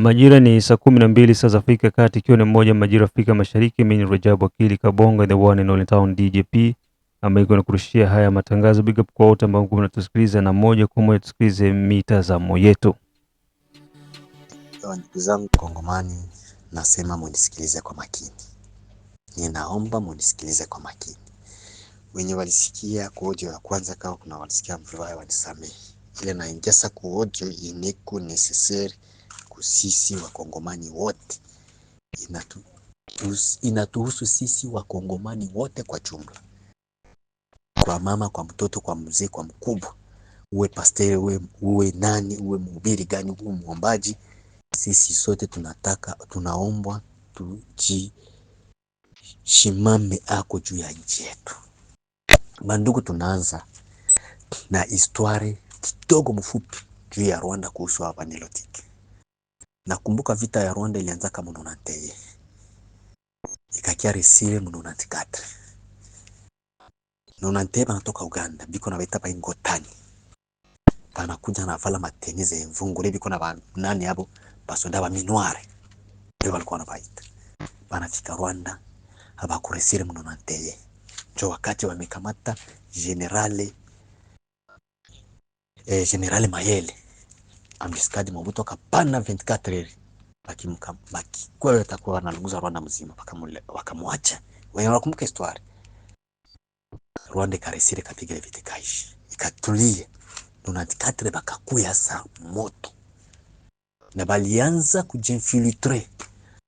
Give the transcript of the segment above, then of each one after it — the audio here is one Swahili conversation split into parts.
Majira ni saa kumi na mbili saa za Afrika ya Kati, ikiwa ni mmoja majira Afrika Mashariki. Mimi ni Rajabu Akili Kabongo, the one in town DJP, ambaye iko nakurushia haya matangazo. Big up kwa wote ambao mnatusikiliza, na moja kwa moja tusikilize mitazamo yetu. Ndugu zangu Kongomani, nasema munisikilize kwa makini, ninaomba munisikilize kwa makini. Wenye walisikia kuojo ya kwanza, kama kuna walisikia mvibaya, wanisamehe. Ile naingesa kuojo iniku necessary kwetu sisi wakongomani wote, inatu, inatuhusu sisi wakongomani wote kwa jumla, kwa mama, kwa mtoto, kwa mzee, kwa mkubwa, uwe pasteri, uwe, uwe nani, uwe mhubiri gani, uwe mwombaji, sisi sote tunataka tunaombwa tujishimame ako juu ya nchi yetu. Bandugu, tunaanza na historia kidogo mfupi juu ya Rwanda kuhusu hapa Nakumbuka vita ya Rwanda ilianza kama nonanteye ikakia resile mu nonantikatre nonanteye banatoka Uganda biko na baita baingotani banakuja na vala matengeze mvungule biko na banani abo basoda ba minware ndio walikuwa wanabaita banafika Rwanda abakuresile mu nonanteye njo wakati wamekamata generale eh, generale Mayele Ambiscad Mobutu akapanda 24 bakikuwa wanaluguza Rwanda mzima, mule wakamwacha wenye wakumbuka historia Rwanda ikaresire kapiga vita kaishi ikatulia donatikatere bakakuya sa moto na balianza kujinfiltre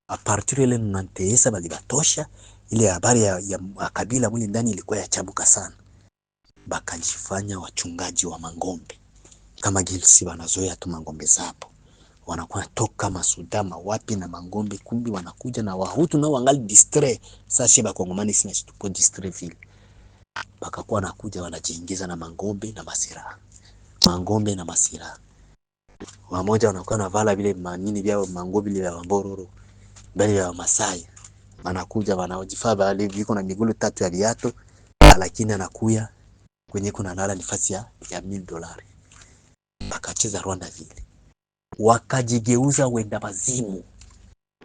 a partir ile nanteesa balibatosha. Ile habari ya, ya, ya kabila muli ndani ilikuwa yachabuka sana, bakajifanya wachungaji wa mang'ombe kama jinsi wanazoea tu mangombe zapo wanakuwa toka Masudama wapi na mangombe, kumbi wanakuja na wahutu na wangali distre. Sasa bakongomani sina chitupo distre vile, bakakuwa nakuja wanajiingiza na mangombe na masira, mangombe na masira. Wamoja wanakuwa na vala vile manini vyao mangombe vile vya mbororo bali vya Masai, wanakuja wanaojifaa bali viko na migulu tatu ya viatu, lakini anakuya kwenye kuna nala nifasi ya ya mil dolari akacheza Rwanda vile, wakajigeuza wenda bazimu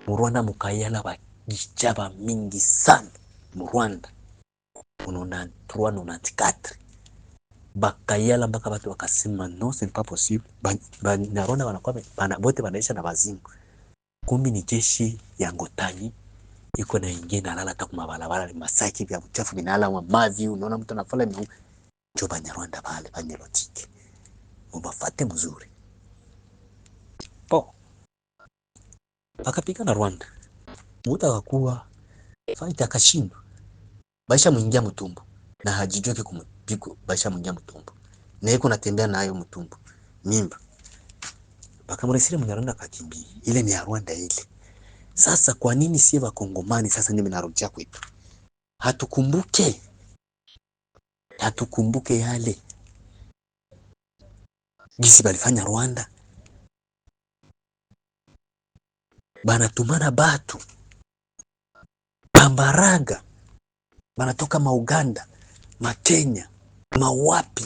Murwanda, mukayala bagichaba mingi sana Murwanda unona 394 bakayala mpaka batu wakasema no, c'est pas possible. Banyarwanda wanakuwa bana bote wanaisha na bazimu, kumi. ni jeshi ya ngotani iko na ingie na lala hata kumabalabala ni masaki vya uchafu vinala wa mavi. Unaona mtu anafala ni njo Banyarwanda bale banyelotike mubafate mzuri po pakapigana Rwanda muda akakuwa fight akashindwa, baisha mwingia mutumbu na hajijoki kumpiku, baisha mwingia mtumbu na yeko natembea na hayo mtumbu mimba, bakamresire mnyarwanda kakimbi Ile ni ya Rwanda ile. Sasa kwa nini sie kongomani sasa ndio minarudia kwetu, hatukumbuke hatukumbuke yale gisi balifanya Rwanda, banatumana batu pambaraga banatoka mauganda makenya mawapi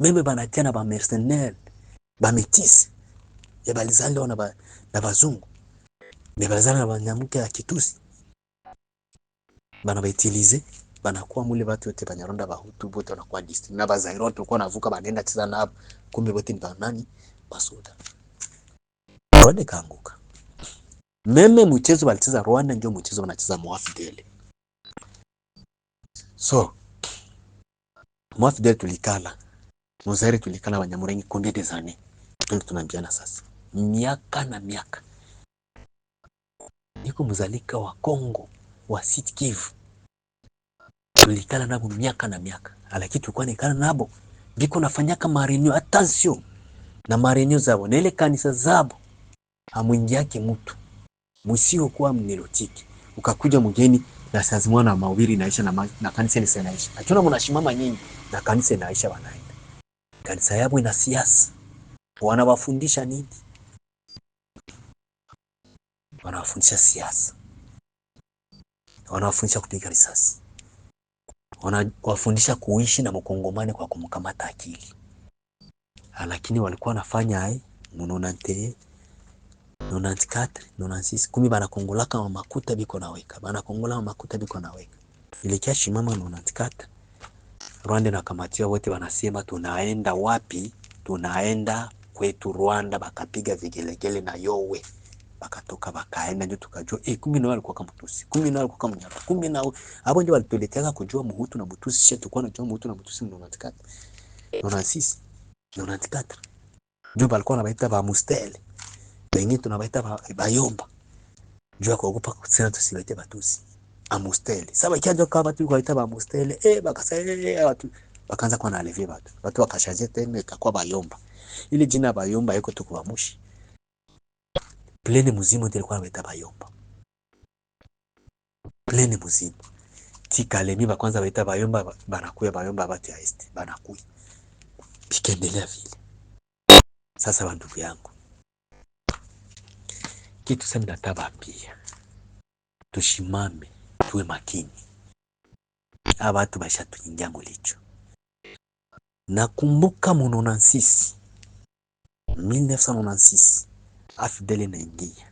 meme banatia na bamercenaire bametisi ya balizaliwa na bazungu me balizaliwa na banyamuke ya kitusi bana baitilize banakuwa mule batu yote Banyarwanda Bahutu bote wanakuwa district na Bazairu wote walikuwa navuka banenda cheza na hapo, kumbe bote ni banani basoda Rwanda kanguka Meme mchezo walicheza Rwanda ndio mchezo wanacheza Mwafidele. So Mwafidele tulikala Muzaire tulikala Wanyamurenge konde des années, ndio tunaambiana sasa miaka na miaka, niko mzalika wa Kongo wa Sud Kivu tulikala nabo miaka na miaka, lakini tulikuwa nikala nabo biko nafanyaka marenio attention na marenio zabo na ile kanisa zabo amwingi yake mtu msio kuwa mnilotiki ukakuja mgeni na sazi na mawili naisha na, ma, na kanisa ni naisha hatuna mnashimama nyinyi na kanisa naisha wanaenda kanisa yabo ina siasa wanawafundisha nini wanawafundisha siasa wanawafundisha kupiga risasi wanawafundisha kuishi na mkongomani kwa kumkamata akili, ah, lakini walikuwa wanafanya ai nonante nonante katre nonante sisi kumi banakongolaka makuta biko naweka banakongola makuta biko naweka ilikia shimama nonante katre Rwanda na kamatia wote wanasema tunaenda wapi? Tunaenda kwetu Rwanda, bakapiga vigelegele na yowe bakatoka wakaenda, ndio tukajua eh, kumbe nao alikuwa kama Mtusi, kumbe nao alikuwa kama Mnyarwanda, kumbe nao hapo ndio walituletea kujua muhutu na Mtusi. Sisi tulikuwa tunajua muhutu na Mtusi ndio natikata ndio na sisi ndio natikata, ndio walikuwa wanaita ba mustele, wengine tunabaita ba bayomba, ndio kuogopa kusema tusilete Batusi amustele. Sasa ikaja kwa watu kuita ba mustele, eh, bakasema eh, eh, eh, watu wakaanza kuwa na alivia watu watu wakashaje tena, ikakuwa bayomba. Ile jina bayomba iko mushi Pleni muzimu ndiye alikuwa ameta bayomba. Pleni mzima. Tikalemi ba kwanza baita bayomba banakuya bayomba bati ya banakuya. pikendelea vile. Sasa bandugu yangu. Kitu sasa nataba pia. Tushimame, tuwe makini. abantu basha tuingia mulicho. Nakumbuka muno na 1996 afdeli naingia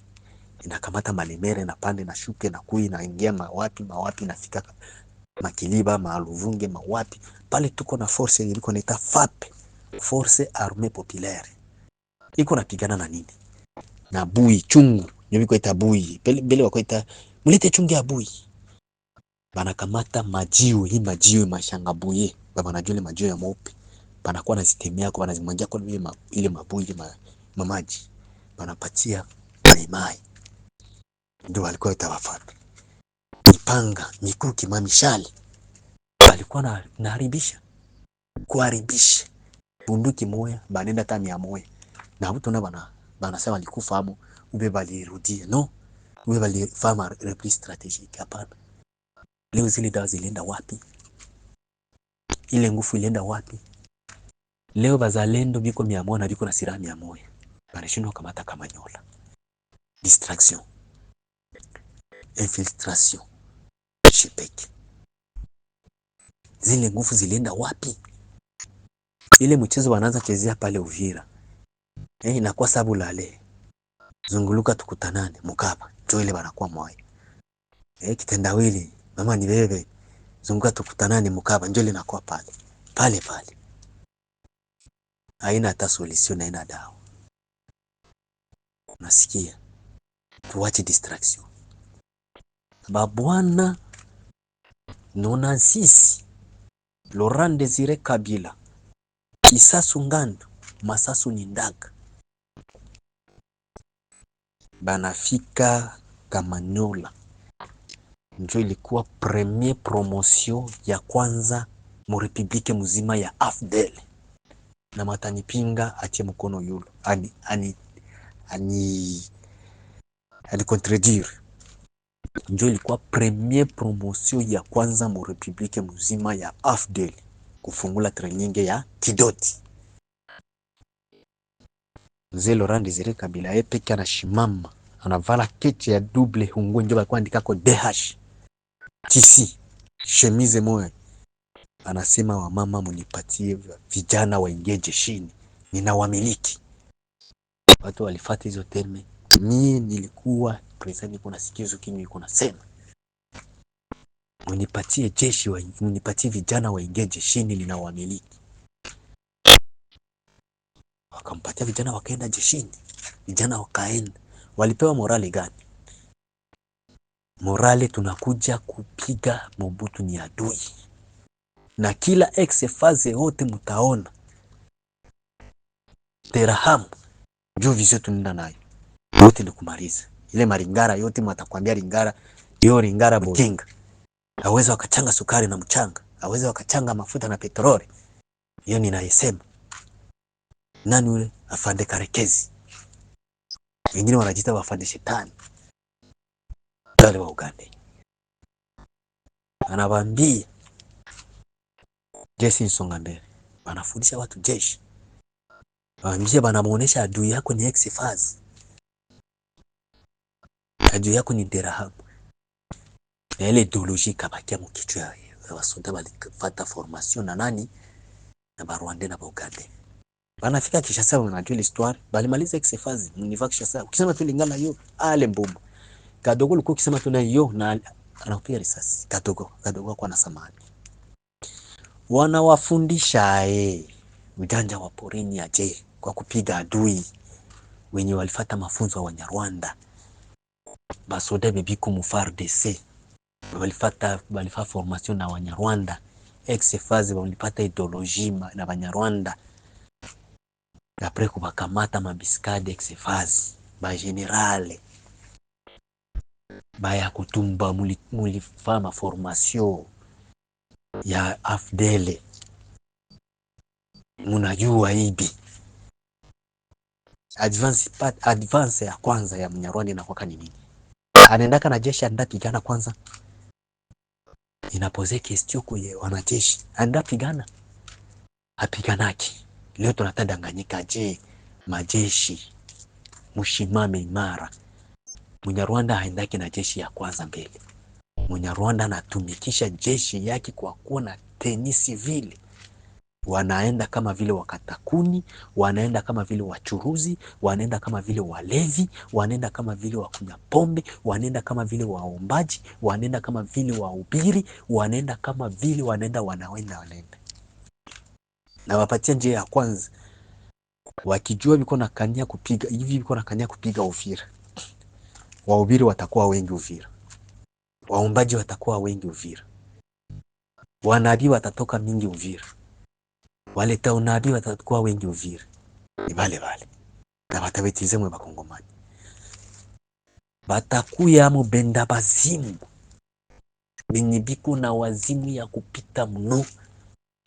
inakamata malimere na pande na shuke na kui naingia mawapi mawapi nafika makiliba maaluvunge mawapi pale, tuko na force yenye liko naita FAPE, force arme populaire, iko napigana na nini na bui chungu nyo biko ita bui bele wako ita mlete chungu ya bui, bana kamata majiwe hii majiwe mashanga buye baba na jule majiwe ya mope mweupe, banakuwa nazitemea kwa nazimwangia kwa ile mabui ile mamaji wanapatia Maimai, ndio walikuwa itawafata mipanga mikuki mamishali, walikuwa naharibisha kuharibisha bunduki moya banenda hata mia moya na mtu na bana sema walikufa hapo, ube balirudia no, ube balifama repli strategique. Hapana, leo zile dawa zilienda wapi? Ile nguvu ilienda wapi? Leo bazalendo biko mia moja na biko na silaha mia moja Parishino kamata Kamanyola. Distraction. Infiltration. Shipeki. Zile nguvu zilienda wapi? Ile mchezo wanaanza chezea pale Uvira. Eh, inakuwa sabu lale. Zunguluka tukutanane Mukaba Ndio ile banakuwa moyo. Eh, kitendawili mama ni bebe. Zunguka tukutanane Mukaba Ndio ile inakuwa pale. Pale pale. Haina hata solution, haina dawa unasikia, tuache distraction, sababu Bwana sisi Laurent Desire Kabila kisasu ngando masasu ni ndaga banafika Kamanyola, njo ilikuwa premier promotion ya kwanza mu republique muzima ya AFDL na matanipinga atie mkono yulo ani, ani ani alikontredire njo ilikuwa premier promotion ya kwanza mu republike mzima ya AFDL kufungula training ya Kidoti. Mzee Laurent Desire Kabila yeye peke anashimama, anavala keti ya double hungu, ndio alikuwa andika kwa DH TC chemise moya, anasema wamama, munipatie vijana waingie jeshini, ninawamiliki watu walifata hizo terme. Mimi nilikuwa presani, kuna sikizo kinyi kuna sema unipatie jeshi wa, unipatie vijana waingie jeshini linawamiliki. Wakampatia vijana wakaenda jeshini, vijana wakaenda, walipewa morali gani? Morali tunakuja kupiga Mobutu ni adui, na kila ex-faze wote mtaona Terahamu njoo vizio tunaenda nayo yote ni kumaliza ile maringara yote, matakwambia ringara hiyo ringara butinga, aweza wakachanga sukari na mchanga, aweza wakachanga mafuta na petroli. Hiyo ninaisema nani? ule afande Karekezi, wengine wanajiita wafande shetani wale wa Uganda, anawaambia jeshi nsonga mbele, wanafundisha watu jeshi Ah, mzee bana muonesha adui yako ni exifaz. files Adui yako ni Dirham. Na ile ideology kabakia mukichwa Wasonda balifata formation na nani na Barwande na Baugande banafika Kishasa, unajua ile histoire balimaliza X-Files mniva Kishasa, ukisema tu lingana hiyo ale mbomu kadogo liko ukisema tu na hiyo na anakupiga risasi kadogo kadogo kwa nasamani wanawafundisha eh, mjanja wa porini aje kwa kupiga adui wenye walifata mafunzo ya Wanyarwanda basoda bebiku mu FARDC walifata walifa formation na Wanyarwanda exfaze walipata ideologie na Wanyarwanda apres kubakamata mabiskade exfaze ba generale baya kutumba mulifaa maformasio ya afdele munajua hibi advance part, advance ya kwanza ya Mnyarwanda inakuwa ni nini? Anaendaka na jeshi pigana kwanza, inapoze kestio kwenye wanajeshi pigana apiganaki. Leo tunatadanganyika. Je, majeshi mshimame imara. Mnyarwanda haendaki na jeshi ya kwanza mbele. Mnyarwanda anatumikisha jeshi yake kwa kuwa na tenisi vile wanaenda kama vile wakatakuni, wanaenda kama vile wachuruzi, wanaenda kama vile walevi, wanaenda kama vile wakunya pombe, wanaenda kama vile waombaji, wanaenda kama vile wahubiri, wanaenda kama vile wanaenda wanaenda wanaenda. Na wapatia njia ya kwanza, wakijua biko na kania kupiga hivi, biko na kania kupiga Uvira, wahubiri watakuwa wengi Uvira, waombaji watakuwa wengi Uvira, wanabii watatoka mingi Uvira waleta unabii watakuwa wengi Uvira ni vale vale na batabetize mwe bakongomani batakuya mubenda bazimu benye biko na wazimu ya kupita mno,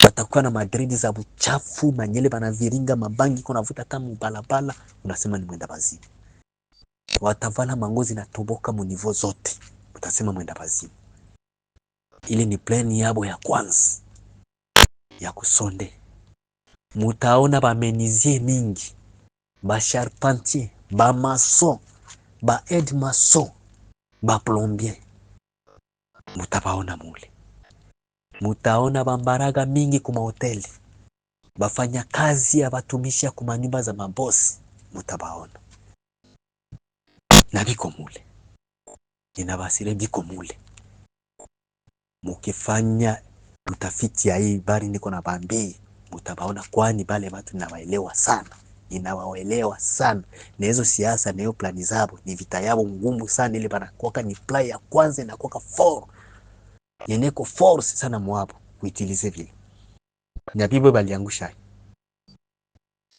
batakuwa na madridi za buchafu manyele banaviringa mabangi vuta hata mubalabala, unasema ni mwenda bazimu. Watavala mangozi na toboka munivo zote, utasema mwenda bazimu. ili ni plan yabo ya kwanza ya kusonde mutaona bamenizie mingi ba bamason maso mason baplombier mutabaona mule, mutaona bambaraga mingi kumahoteli bafanya kazi ya batumisha kumanyumba za mabosi mutabaona na biko mule, ninabasire biko mule. Mukifanya utafiti ya hii bari niko na bambii mtabaona, kwani bale batu nawaelewa sana, ninawaelewa sana na hizo siasa na hiyo plani zabo ni vita yabo ngumu sana, ile kwaka ni play ya kwanza na inakwaka for yeneko force sana mwapo kuitilize vile na bibo Nyabibwe baliangusha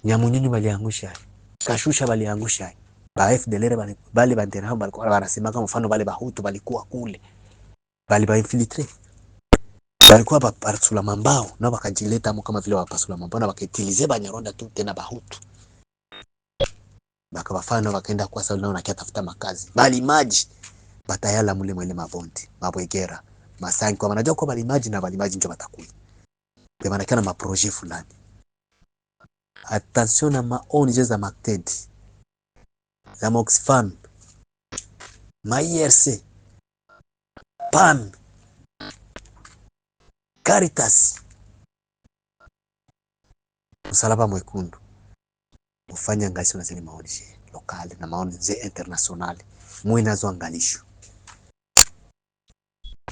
Nyamunyunyu angusha Kashusha bali angusha ba FDLR bali bali bali kwa bana sema kama mfano bali bahutu bali balikuwa kule bali bainfiltre balikuwa bapasula mambao na bakajileta amo kama vile bapasula mambao na bakaitilize Banyarwanda tu tena Bahutu bakabafana bakaenda kwa sababu nao nakia tafuta makazi bali maji batayala mule mwele mavondi mabwegera masangi kwa manajua kwa bali maji na bali maji ndio batakuwa kwa maana kana maproje fulani attention na maoni za Macted za Moxfam ma IRC PAN Caritas, Msalaba Mwekundu, mufanye anganisho na zile maoni lokali na maoni ze internationali, mwe nazo angalisho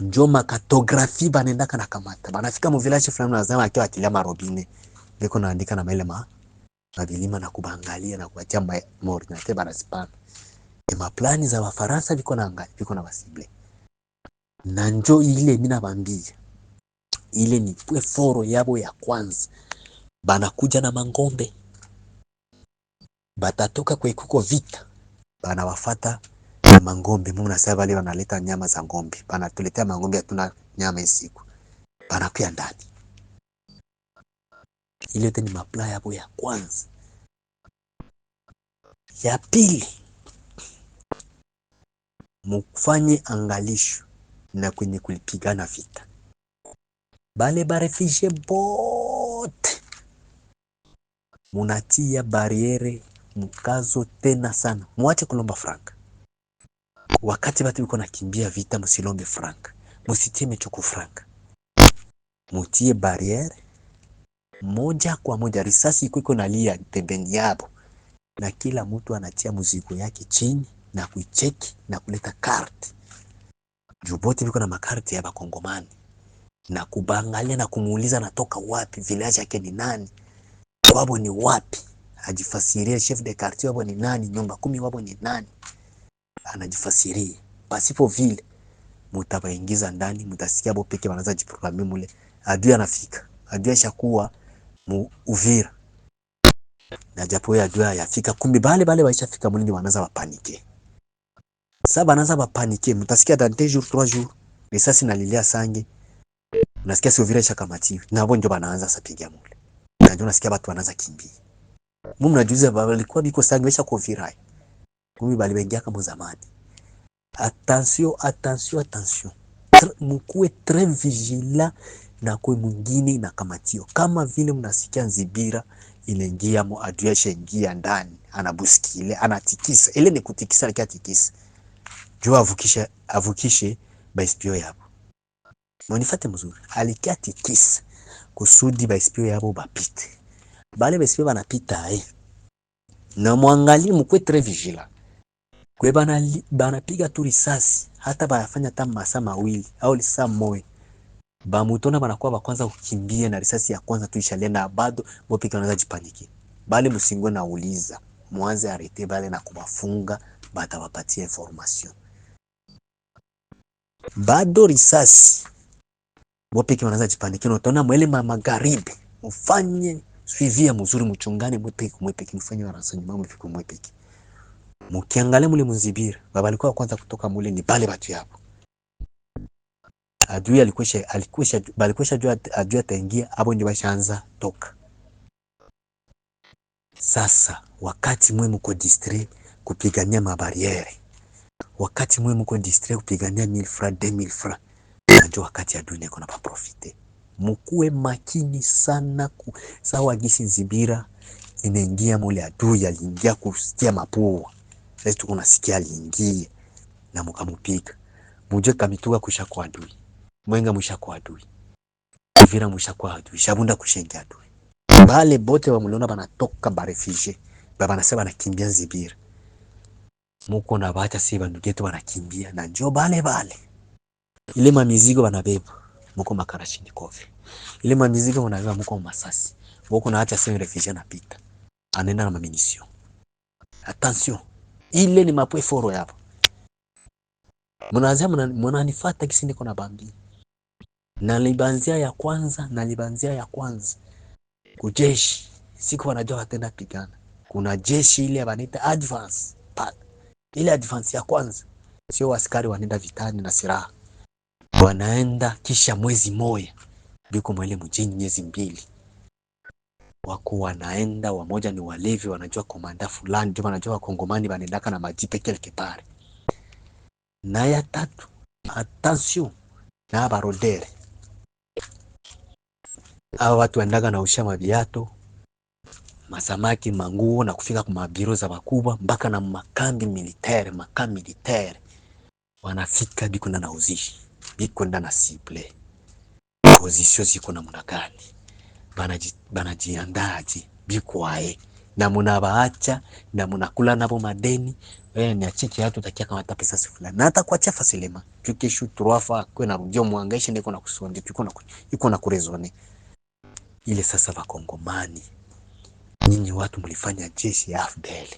njo makatografi banendaka na kamata banafika muvilashi fulani, nazama akiwa akilia marobine viko naandika na maile ma mabilima na kubangalia na kubatia maordinate banazipana e maplani za Wafaransa viko na angali viko na wasible na njo ile mina bambia ile ni foro yabo ya kwanza. Banakuja na mangombe, batatoka kwekuko vita, banawafata na mangombe. Mungu nasema wale wanaleta nyama za ngombe, banatuletea mangombe, hatuna nyama isiku, banakuya ndani. Ile yote ni mapla yabo ya kwanza. Ya pili, mufanye angalisho na kwenye kulipigana vita bale barefishe bote munatia bariere mkazo tena sana, mwache kulomba frank wakati batu biko nakimbia vita. Musilombe frank musitie mechuku frank, mutie bariere moja kwa moja. Risasi iko nalia pembeni yabo, na kila mtu anatia mzigo yake chini na kuicheki na kuleta karti jubote, viko na makarti ya bakongomani na kubangalia na kumuuliza natoka wapi, village yake ni nani, wabo ni wapi, ajifasirie chef de quartier wabo ni nani, nyumba kumi wabo ni nani, anajifasirie. Pasipo vile mutabaingiza ndani, mutasikia bo peke wanaanza jiprogrami mule. Adui anafika, adui ashakuwa mu Uvira na japo ya adui yafika, kumbi bale bale waishafika mule, ni wanaanza wapanike saba, wanaanza wapanike, mutasikia dans 2 jours 3 jours risasi nalilia sangi Unasikia sio vile shakamatiwi. hapo ndio banaanza sapiga mule. Na ndio unasikia watu wanaanza kimbia. Mimi najuzi baba alikuwa biko sangesha kwa virai. Eh? Mimi bali bengia kama zamani. Attention, attention, attention. Mkuwe très vigilant na kwa mwingine na kamatio. Kama vile mnasikia Nzibira inaingia mu adresha ingia ndani, anabusikile, anatikisa. Ile ni kutikisa, lakini atikisa. Jua avukishe, avukishe baispio yapo na mzuri, alikia tikisa kusudi baisipio yabo bapite, bale baisipio banapita eh. Na mwangali mkwe tre vigila kwe bana banapiga tu risasi, hata bayafanya hata masaa mawili au lisa moja bamutona banakuwa bakwanza kukimbia na risasi ya kwanza tu ishalenda, bado mopika anaweza jipaniki. Bale musingwe na uliza mwanze arete bale na kubafunga, batawapatia information bado risasi mwopeke wanaza kino utaona mwele ma magharibi mufanye suivia mzuri mchungane mwepeki mwepeki mfanye warasa nyuma mfike mwepeki mkiangalia mule mzibira baba alikuwa kwanza kutoka mule ni bale batu hapo adui alikwesha alikwesha balikwesha jua adui ataingia hapo ndio bashaanza toka sasa wakati mwe mko distrait kupigania mabariere wakati mwe mko distrait kupigania 1000 francs 2000 francs Unajua wakati ya dunia kuna paprofite. mukuwe makini sana ku, sawa gisi nzibira inaingia mule, adui aliingia kusikia mapua, sasa tuko nasikia aliingia na mukamupiga, mujue kamituka kusha kwa adui, mwenga musha kwa adui, vira musha kwa adui, shabunda kushenge adui, bale bote wa wamuliona banatoka barefije baba nasema banakimbia Nzibira, muko na bacha si bandugetu banakimbia na njo bale bale ile mamizigo wanabeba muko makarashini kofi, ile mamizigo wanabeba muko masasi boko na acha sema refugee anapita anaenda na maminisio. Attention, ile ni mapwe foro yapo, mnaanzia mnanifuata kisi niko na bambi na libanzia ya kwanza na libanzia ya kwanza kujeshi siku wanajua watenda pigana. Kuna jeshi ile wanaita advance, ile advance ya kwanza sio askari wanaenda vitani na silaha wanaenda kisha mwezi moja yuko mwele mjini miezi mbili, wako wanaenda wamoja, ni walevi, wanajua komanda fulani, ndio wanajua wakongomani wanaendaka na majipe quelque part. Na ya tatu, attention na barodere, hao watu waendaga na usha maviato masamaki manguo na kufika kwa mabiro za wakubwa mpaka na makambi militaire, makambi militaire wanafika biko na nauzishi bikwenda na siple pozisio ziko namuna gani, banajiandaje bikwae na munabaacha na munakula nabo madeni wewe ni achiki hatu takia kama hata pesa sifula na hata kuacha fasilema tukishu turafa kwa na rudio mwangaisha ndiko na kusundi tuko na iko na kurezone ile. Sasa kongomani nyinyi watu mlifanya jeshi ya AFDL,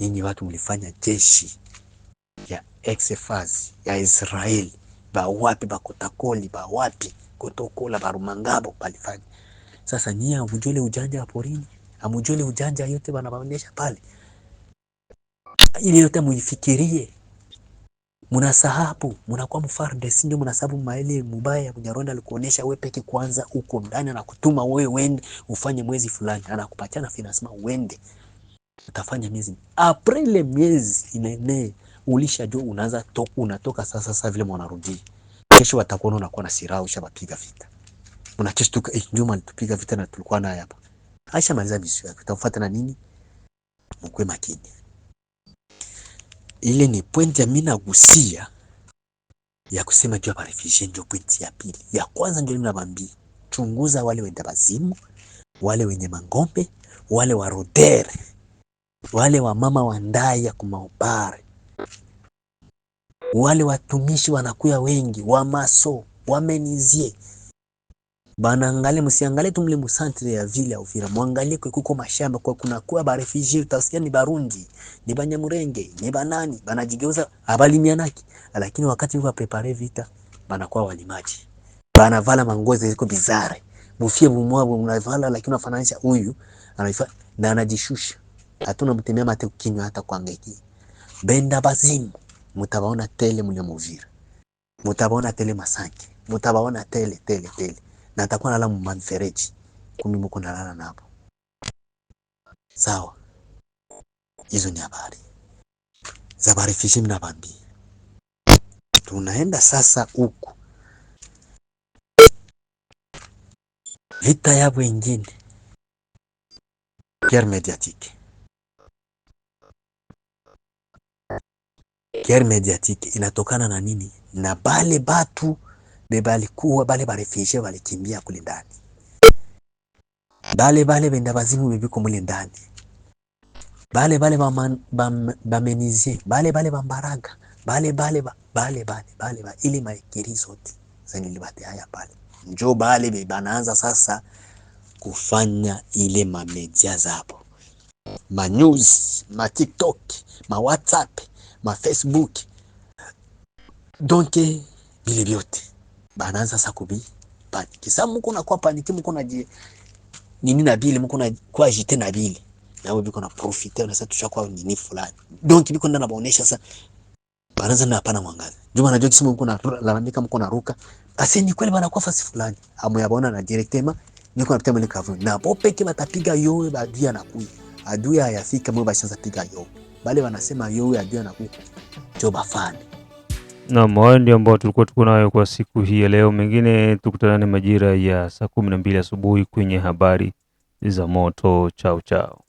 nyinyi watu mlifanya jeshi ya ex ya Israeli ba wapi ba kutakoli ba wapi kutokola ba rumangabo palifanya. Sasa nyie hamujui ujanja porini, amujole ujanja yote bana wanabaonesha pale, ile yote muifikirie munasahabu munakuwa mfardes, ndio munasahabu maele mubaya ya Mnyarwanda alikuonesha wewe peke. Kwanza uko ndani anakutuma wewe wende ufanye mwezi fulani, anakupatia na finance, uende utafanya miezi aprele, miezi inaenea ulishajua unaanza to, unatoka sasa sasa vile mwanarudi kesho watakuona unakuwa na silaha ushabapiga vita. Unacheshtuka, eh, ndio maana tupiga vita na tulikuwa naye hapa. Aisha maliza visu yake utafuata na nini? Mkwe makini. Ile ni point ya mimi nagusia ya kusema juu ya refugee, ndio point ya pili. Ya kwanza ndio ninabambia, chunguza wale wenda bazimu, wale wenye mangombe, wale wa rodere, wale wa mama wa ndai ya kumaubare wale watumishi wanakuya wengi wa maso wamenizie banaangalia, msiangalie tu mle musantre ya vile ya Uvira, mwangalie kwa kuko mashamba kwa kuna kuwa ba refugee, utasikia ni Barundi ni Banyamurenge ni banani banajigeuza mianaki, lakini wakati wa prepare vita banakuwa walimaji, banavala mangozi ziko bizare, mufie bumwabo mnavala, lakini unafananisha huyu anaifa na anajishusha, hatuna mtemea mate kinywa hata kuangaikia benda bazimu mutabaona tele mule Muvira, mutabaona tele Masaki, mutabaona tele tele tele, na atakuwa nalala mumamfereji kumi muko nalala napo. Sawa, hizo ni habari za barifishi. Mnabambia tunaenda sasa huku vita yabo ingine Pierre Mediatique guerre mediatique inatokana na nini? Na bale batu bebalikuwa bale barefugee balikimbia kule ndani, bale bale benda bazimu bebiko mule ndani, bale bale bamenizie, bale bale bambaraga, bale bale bale bale bale, ili maikiri zote zani libate haya pale, njo bale banaanza sasa kufanya ile mamedia zabo, TikTok matiktok, mawhatsapp mafacebook donc vile vyote banaanza sa kubi paniki sa mko na kwa paniki, mko na je nini na bile, mko na kwa jite na bile na wewe biko na profite na sasa tusha kwa nini fulani, donc biko ndana baonesha sasa, banaanza na hapana mwangaza juma na jokisimu, mko na lalamika, mko na ruka asi ni kweli bana kwa fasi fulani, amuyabaona na directema niko na pitema ni kavu na pope matapiga tapiga yowe badia na kui aduya yafika mwe bashanza piga yowe bali wanasema yeye ajua na kuku fani. Naam, hayo ndio ambao tulikuwa tuko nayo kwa siku hii ya leo. Mengine tukutanane majira ya saa kumi na mbili asubuhi kwenye habari za moto. Chao chao.